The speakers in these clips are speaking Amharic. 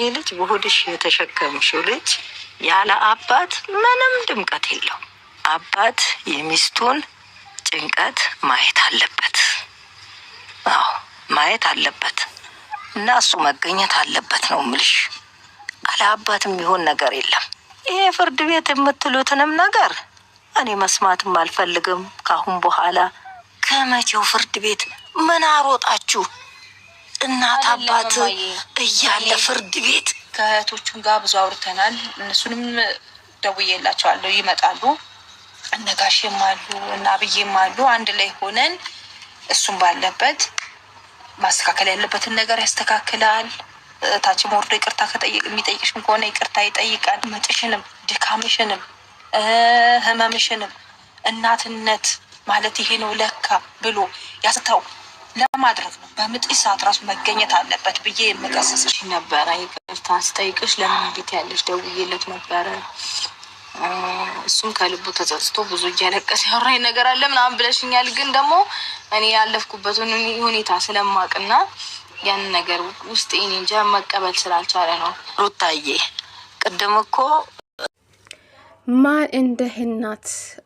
ይህ ልጅ በሆድሽ የተሸከምሽው ልጅ ያለ አባት ምንም ድምቀት የለው? አባት የሚስቱን ጭንቀት ማየት አለበት። አዎ ማየት አለበት እና እሱ መገኘት አለበት ነው ምልሽ። አለ አባት የሚሆን ነገር የለም። ይሄ ፍርድ ቤት የምትሉትንም ነገር እኔ መስማትም አልፈልግም። ካአሁን በኋላ ከመቼው ፍርድ ቤት ምን አሮጣችሁ? እናት አባት እያለ ፍርድ ቤት ከእህቶቹም ጋር ብዙ አውርተናል። እነሱንም ደውዬላቸዋለሁ ይመጣሉ። እነጋሽም አሉ እና አብዬም አሉ። አንድ ላይ ሆነን እሱም ባለበት ማስተካከል ያለበትን ነገር ያስተካክላል። ታችም ወርዶ ይቅርታ የሚጠይቅሽም ከሆነ ይቅርታ ይጠይቃል። ምጥሽንም፣ ድካምሽንም፣ ህመምሽንም እናትነት ማለት ይሄ ነው ለካ ብሎ ያስተው ለማድረግ ነው። በምጥ ሰዓት ራሱ መገኘት አለበት ብዬ የምቀስስሽ ነበረ። ይቅርታ ስጠይቅሽ ለምን ቤት ያለሽ ደውዬለት ነበረ። እሱም ከልቡ ተጸጽቶ ብዙ እያለቀሰ ያወራኝ ነገር አለ ምናምን ብለሽኛል። ግን ደግሞ እኔ ያለፍኩበትን ሁኔታ ስለማቅና ያን ነገር ውስጥ እኔ እንጃ መቀበል ስላልቻለ ነው ሩታዬ። ቅድም እኮ ማን እንደ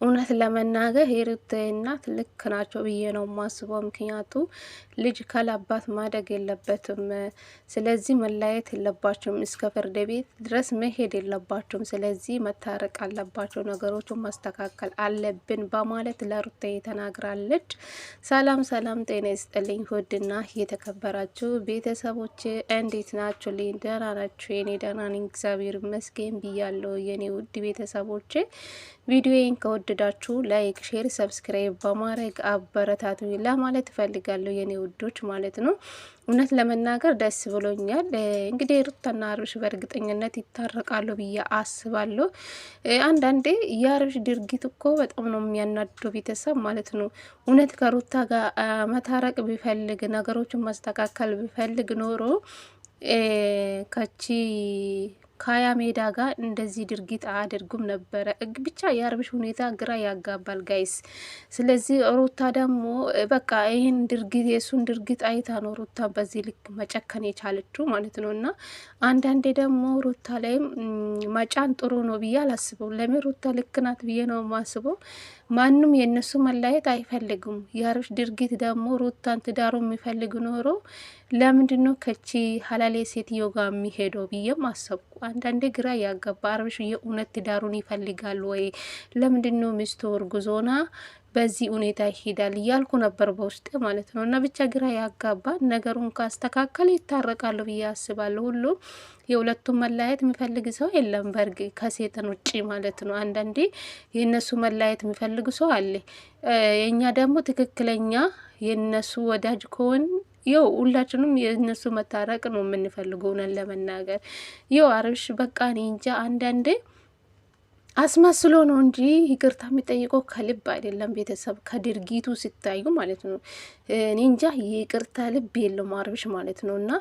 እውነት ለመናገር የሩታ እናት ልክ ናቸው ብዬ ነው ማስበው። ምክንያቱ ልጅ ካላባት ማደግ የለበትም። ስለዚህ መለያየት የለባቸውም፣ እስከ ፍርድ ቤት ድረስ መሄድ የለባቸውም። ስለዚህ መታረቅ አለባቸው፣ ነገሮችን ማስተካከል አለብን በማለት ለሩታዬ ተናግራለች። ሰላም ሰላም፣ ጤና ይስጥልኝ ውድና የተከበራችሁ ቤተሰቦች እንዴት ናችሁ? ልኝ ደህና ናችሁ? የኔ ደህና ነኝ እግዚአብሔር ይመስገን ብያለሁ። የኔ ውድ ቤተሰቦች ቪዲዮዬን ከወደዳችሁ ላይክ፣ ሼር፣ ሰብስክራይብ በማድረግ አበረታቱ ለማለት እፈልጋለሁ የኔ ውዶች ማለት ነው። እውነት ለመናገር ደስ ብሎኛል። እንግዲህ ሩታና አብርሽ በእርግጠኝነት ይታረቃሉ ብዬ አስባለሁ። አንዳንዴ የአብርሽ ድርጊት እኮ በጣም ነው የሚያናደው ቤተሰብ ማለት ነው። እውነት ከሩታ ጋር መታረቅ ቢፈልግ ነገሮችን ማስተካከል ቢፈልግ ኖሮ ከቺ ከሀያ ሜዳ ጋር እንደዚህ ድርጊት አያደርጉም ነበረ። ብቻ የአብርሽ ሁኔታ ግራ ያጋባል ጋይስ። ስለዚህ ሩታ ደግሞ በቃ ይህን ድርጊት የእሱን ድርጊት አይታ ነው ሩታ በዚህ ልክ መጨከን የቻለችው ማለት ነው። እና አንዳንዴ ደግሞ ሩታ ላይም መጫን ጥሩ ነው ብዬ አላስበው። ለምን ሩታ ልክ ናት ብዬ ነው ማስበው ማንም የእነሱ መላየት አይፈልግም የአብርሽ ድርጊት ደግሞ ሩታን ትዳሩ የሚፈልግ ኖሮ ለምንድን ነው ከቺ ሀላሌ ሴትዮ ጋር የሚሄደው ብዬም አሰብኩ። አንዳንዴ ግራ ያገባ አብርሽ የእውነት ትዳሩን ይፈልጋል ወይ? ለምንድን ነው ሚስቱ እርጉዞና በዚህ ሁኔታ ይሄዳል እያልኩ ነበር በውስጤ ማለት ነው። እና ብቻ ግራ ያጋባ ነገሩን ካስተካከል ይታረቃሉ ብዬ አስባለሁ። ሁሉም የሁለቱም መለያየት የሚፈልግ ሰው የለም፣ በርግ ከሴጥን ውጭ ማለት ነው። አንዳንዴ የእነሱ መለያየት የሚፈልግ ሰው አለ። የእኛ ደግሞ ትክክለኛ የእነሱ ወዳጅ ከሆን ይው ሁላችንም የእነሱ መታረቅ ነው የምንፈልገው። ለመናገር ይው አርብሽ በቃ እኔ እንጃ አንዳንዴ አስመስሎ ነው እንጂ ይቅርታ የሚጠይቀው ከልብ አይደለም። ቤተሰብ ከድርጊቱ ሲታዩ ማለት ነው። እኔ እንጃ ይቅርታ ልብ የለው ማርብሽ ማለት ነው። እና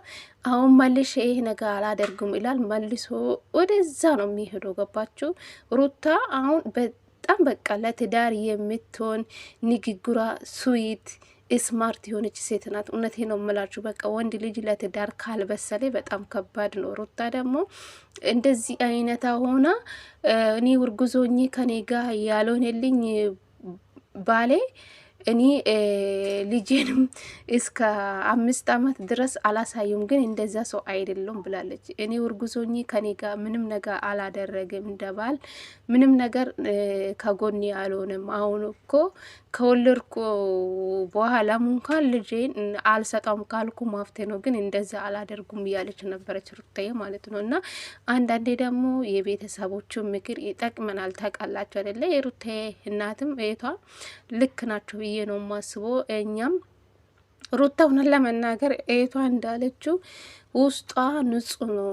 አሁን መልሽ ይህ ነገር አላደርግም ይላል። መልሶ ወደዛ ነው የሚሄደው። ገባችሁ? ሩታ አሁን በጣም በቃ ለትዳር የምትሆን ንግግሯ ስዊት ስማርት የሆነች ሴት ናት። እውነቴ ነው የምላችሁ። በቃ ወንድ ልጅ ለትዳር ካልበሰለ በጣም ከባድ ነው። ሩታ ደግሞ እንደዚህ አይነት ሆና እኔ ውርጉዞኝ ከኔ ጋ ያልሆነልኝ ባሌ እኔ ልጄንም እስከ አምስት አመት ድረስ አላሳዩም፣ ግን እንደዛ ሰው አይደለም ብላለች። እኔ እርጉዞኝ ከኔ ጋር ምንም ነገር አላደረግም፣ እንደባል ምንም ነገር ከጎኔ ያልሆነም አሁን እኮ ከወለድኩ በኋላም እንኳን ልጄን አልሰጠም ካልኩ ማፍቴ ነው፣ ግን እንደዛ አላደርጉም እያለች ነበረች ሩታዬ ማለት ነው። እና አንዳንዴ ደግሞ የቤተሰቦቹ ምክር ይጠቅመናል። ታውቃላችሁ አይደለ? የሩታዬ እናትም እህቷ ልክ ናቸው። ብዬ ነው የማስበው። እኛም ሩታ ሁነን ለመናገር እህቷ እንዳለችው ውስጧ ንጹህ ነው።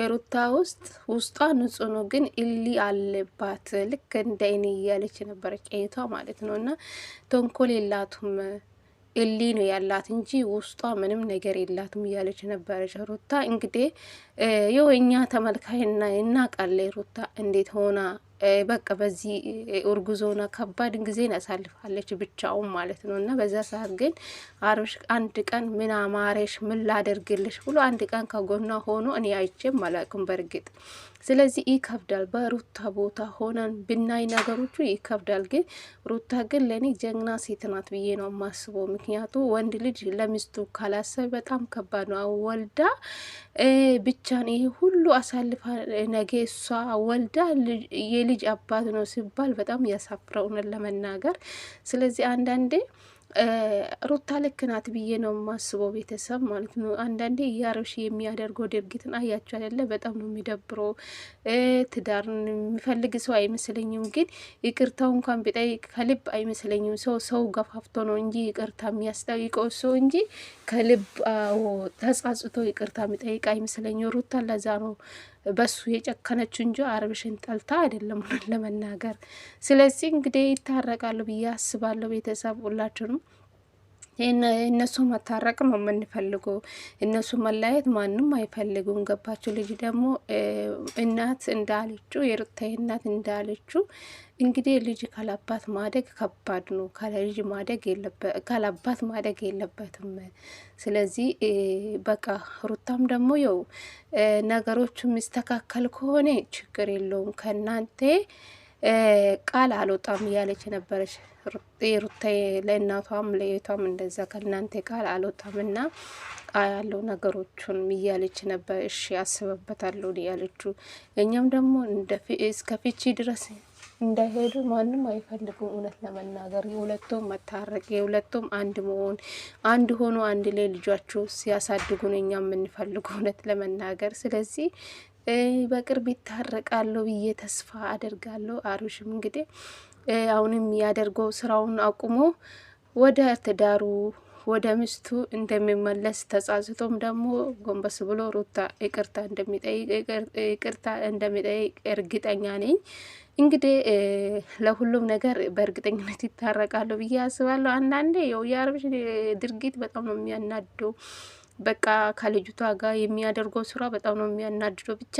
የሩታ ውስጥ ውስጧ ንጹህ ነው፣ ግን እሊ አለባት። ልክ እንደ እኔ እያለች ነበረች እህቷ ማለት ነው። እና ተንኮል የላቱም እሊ ነው ያላት እንጂ ውስጧ ምንም ነገር የላትም እያለች ነበረች ሩታ። እንግዲህ የው እኛ ተመልካይና እናቃለ ሩታ እንዴት ሆና በቃ በዚህ እርጉዞና ከባድን ጊዜን ያሳልፋለች ብቻውን ማለት ነው። እና በዛ ሰዓት ግን አብርሽ አንድ ቀን ምን አማረሽ ምን ላደርግልሽ ብሎ አንድ ቀን ከጎኗ ሆኖ እኔ አይቼም አላቅም በእርግጥ። ስለዚህ ይከብዳል። በሩታ ቦታ ሆነን ብናይ ነገሮቹ ይከብዳል። ግን ሩታ ግን ለእኔ ጀግና ሴት ናት ብዬ ነው የማስበው። ምክንያቱ ወንድ ልጅ ለሚስቱ ካላሰብ በጣም ከባድ ነው። ወልዳ ብቻን ይሄ ሁሉ አሳልፋ ነገ እሷ ወልዳ የልጅ አባት ነው ሲባል በጣም ያሳፍረው እውነት ለመናገር። ስለዚህ አንዳንዴ ሩታ ልክ ናት ብዬ ነው የማስበው፣ ቤተሰብ ማለት ነው። አንዳንዴ የአብርሽ የሚያደርገው ድርጊትን አያቸው አይደለ? በጣም ነው የሚደብሮ። ትዳር የሚፈልግ ሰው አይመስለኝም፣ ግን ይቅርታው እንኳን ቢጠይቅ ከልብ አይመስለኝም። ሰው ሰው ገፋፍቶ ነው እንጂ ይቅርታ የሚያስጠይቀው ሰው እንጂ ከልብ ተጻጽቶ ይቅርታ የሚጠይቅ አይመስለኝም። ሩታ ለዛ ነው በሱ የጨከነችው እንጂ አብርሽን ጠልታ አይደለም ለመናገር። ስለዚህ እንግዲህ ይታረቃሉ ብዬ አስባለሁ። ቤተሰብ ሁላችሁንም እነሱ መታረቅ ነው የምንፈልገው። እነሱ መለያየት ማንም አይፈልጉም። ገባችሁ? ልጅ ደግሞ እናት እንዳለችው የሩታ እናት እንዳለችው እንግዲህ ልጅ ካላባት ማደግ ከባድ ነው። ከልጅ ማደግ ካላባት ማደግ የለበትም። ስለዚህ በቃ ሩታም ደግሞ የው ነገሮቹ የሚስተካከል ከሆነ ችግር የለውም ከእናንተ ቃል አልወጣም እያለች ነበረች። ሩታ ለእናቷም ለየቷም እንደዛ ከእናንተ ቃል አልወጣም እና ያለው ነገሮቹን እያለች ነበር። እሺ አስበበታለሁ እያለች እኛም ደግሞ እስከ ፊቺ ድረስ እንዳይሄዱ ማንም አይፈልጉም። እውነት ለመናገር የሁለቱም መታረቅ የሁለቱም አንድ መሆን አንድ ሆኖ አንድ ላይ ሲያሳድጉ ሲያሳድጉን እኛ የምንፈልገው እውነት ለመናገር ስለዚህ በቅርብ ይታረቃለሁ ብዬ ተስፋ አደርጋለሁ። አብርሽም እንግዲህ አሁንም ያደርገው ስራውን አቁሞ ወደ ትዳሩ ወደ ሚስቱ እንደሚመለስ ተጻጽቶም ደግሞ ጎንበስ ብሎ ሩታ ይቅርታ እንደሚጠይቅ ይቅርታ እንደሚጠይቅ እርግጠኛ ነኝ። እንግዲህ ለሁሉም ነገር በእርግጠኝነት ይታረቃሉ ብዬ አስባለሁ። አንዳንዴ ያው ድርጊት በጣም ነው የሚያናድደው። በቃ ከልጅቷ ጋር የሚያደርገው ስራ በጣም ነው የሚያናድደው። ብቻ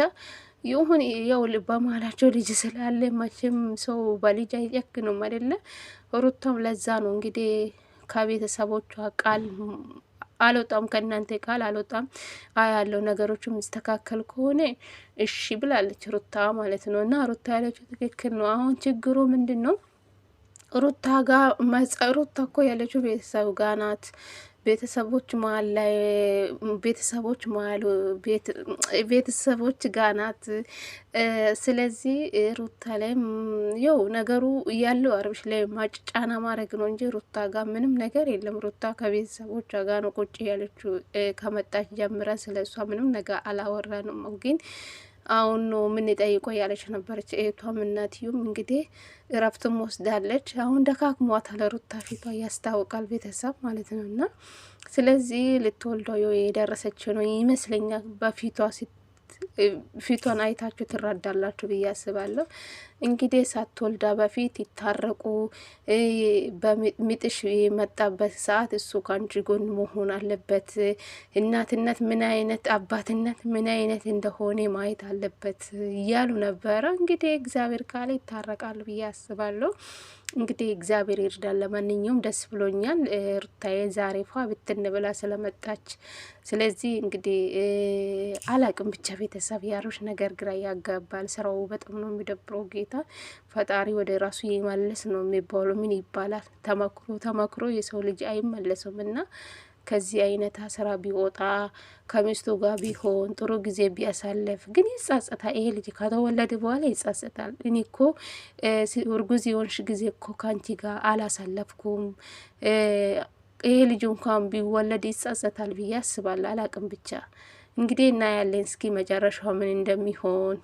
ይሁን ያው በመሀላቸው ልጅ ስላለ መቼም ሰው በልጅ አይጨክንም አይደለ? ሩታም ለዛ ነው እንግዲህ ከቤተሰቦቿ ቃል አልወጣም ከእናንተ ቃል አልወጣም ያለው ነገሮች የሚስተካከል ከሆነ እሺ ብላለች ሩታ ማለት ነው። እና ሩታ ያለችው ትክክል ነው። አሁን ችግሩ ምንድን ነው? ሩታ ጋ ሩታ እኮ ያለችው ቤተሰብ ጋ ናት። ቤተሰቦች መሀል ላይ ቤተሰቦች መሀል ቤተሰቦች ጋር ናት። ስለዚህ ሩታ ላይ ያው ነገሩ ያለው አብርሽ ላይ ጫና ማድረግ ነው እንጂ ሩታ ጋር ምንም ነገር የለም። ሩታ ከቤተሰቦች ጋር ነው ቁጭ ያለችው ከመጣች ጀምረ ስለሷ ምንም ነገር አላወራ ነው ግን አሁን ነው የምንጠይቀው ያለች ነበረች። እህቷም እናትዮም እንግዲህ እረፍትም ወስዳለች። አሁን ደካክሟታል፣ ሩታ ፊቷ ያስታውቃል ቤተሰብ ማለት ነው። እና ስለዚህ ልትወልደው የደረሰች ነው ይመስለኛል። በፊቷ ፊቷን አይታችሁ ትረዳላችሁ ብዬ አስባለሁ። እንግዲህ ሳትወልዳ በፊት ይታረቁ፣ በሚጥሽ የመጣበት ሰዓት እሱ ከአንቺ ጎን መሆን አለበት። እናትነት ምን አይነት አባትነት ምን አይነት እንደሆነ ማየት አለበት እያሉ ነበረ። እንግዲህ እግዚአብሔር ካለ ይታረቃሉ ብዬ አስባለሁ። እንግዲህ እግዚአብሔር ይርዳል። ለማንኛውም ደስ ብሎኛል ሩታዬ ዛሬ ፏ ብትን ብላ ስለመጣች። ስለዚህ እንግዲህ አላቅም ብቻ ቤተሰብ ያሮች ነገር ግራ ያጋባል። ስራው በጣም ነው የሚደብረው ጌታ ቦታ ፈጣሪ ወደ ራሱ ይመልስ ነው የሚባለው። ምን ይባላል? ተመክሮ ተመክሮ የሰው ልጅ አይመለስም እና ከዚህ አይነት ስራ ቢወጣ ከሚስቱ ጋር ቢሆን ጥሩ ጊዜ ቢያሳለፍ፣ ግን ይጻጸታል። ይሄ ልጅ ከተወለደ በኋላ ይጻጸታል። እኔ እኮ እርጉዝ የሆንሽ ጊዜ እኮ ከአንቺ ጋር አላሳለፍኩም ይሄ ልጅ እንኳን ቢወለድ ይጻጸታል ብዬ አስባለሁ። አላቅም ብቻ እንግዲህ ያለን እስኪ መጨረሻው ምን እንደሚሆን